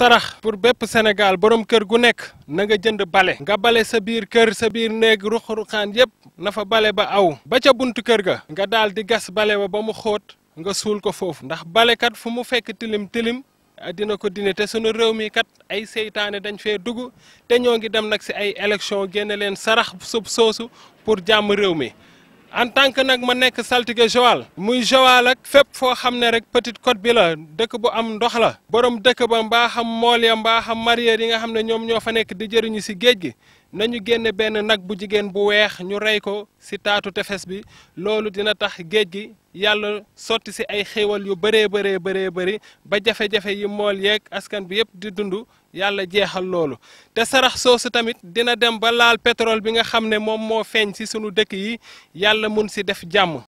sarax pour bépp Sénégal borom kër gu nekk na nga jënd bale nga bale sa biir kër sa biir néeg ruq-ruqaan yépp na fa bale ba aw ba ca buntu kër ga nga daal di gas bale ba ba mu xoot nga suul ko foofu ndax balekat fu mu fekk tilim tilim dina ko dine te sunu réew mi kat ay seytaane dañ fee dugg te ñoo ngi dem nag ci ay élection génne leen sarax sub soosu pour jàmm réew mi en tant que nag ma nekk saltige Joal muy Joal ak fépp foo xam ne rek petite côte bi la dëkk bu am ndox la borom dëkk ba mbaa xam mool ya mbaa xam mareyeur yi nga xam ne ñoom ñoo fa nekk di jëriñu si géej gi nañu génn benn nag bu jigéen bu weex ñu rey ko ci taatu tefes bi loolu dina tax géej gi yàlla sotti ci ay xéewal yu bëree bëree bëree bëri ba jafe-jafe yi mool yeeg askan bi yëpp di dund yàlla jeexal loolu te sarax soosu tamit dina dem ba laal pétrole bi nga xam ne moom moo feeñ ci sunu dëkk yi yàlla mun ci def jàmm